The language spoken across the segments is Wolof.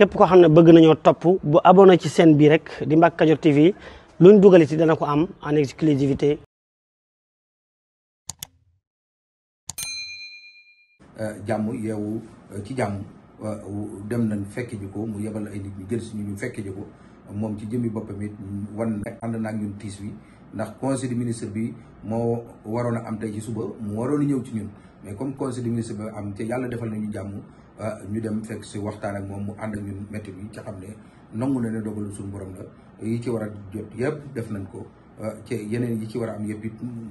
képp koo xam ne bëgg nañoo topp bu abonné ci seen bii rek di Mbacke Kadior TV luñ dugal ci dana ko am en exclusivité euh, jàmm yeewu euh, ci jàmm euh, dem nañ fekk ji ko mu yebal ay nit ñu jël suñu fekk ji ko moom ci jëmmi boppam it wan ànd naag ñun tiis wi ndax conseil des ministres bi moo waroon a am tey ci suba mu waroon ñëw ci ñun mais comme conseil des ministres bi am te yàlla defal nañu jàmm ah, ñu dem fekk si waxtaan ak moom mu ànd ak ñun métti bi ci xam ne nangu na ne dogalu suñu borom la yi ci war a jot yëpp def nañ ko ci ah, yeneen yi ci war a am yëpp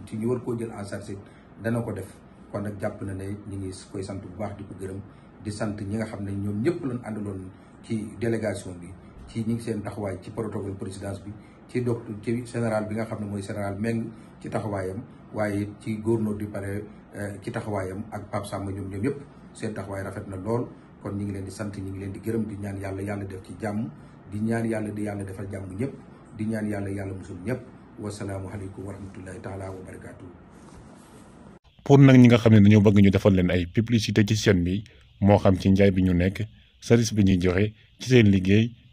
ci ñu war koo jël en charge dana ko def kon nag jàpp na ne ñu ngi koy sant bu baax di ko gërëm di sant ñi nga xam ne ñoom ñëpp lañ àndaloon ci délégation bi ci ñu ngi seen taxawaay ci protocole présidence bi ci docteur ci général bi nga xam ne mooy général Meng ci taxawaayam waaye ci ci gouverneur du Palais euh, ci taxawaayam ak Pape Samba ñoom ñoom yëpp seen taxawaay rafet na lool kon ñu ngi leen di sant ñu ngi leen di gërëm ñaan yàlla yàlla def ci jàmm di ñaan yàlla di yàlla defal jàmm ñëpp di ñaan yàlla yàlla musul ñëpp wasalaamualeykum wa rahmatullahi taala wa barakaatu. ñi nga xam ne dañoo bëgg ñu defal leen ay publicité ci seen bi moo xam ci njaay bi ñu nekk service bi ñuy joxe ci seen liggéey.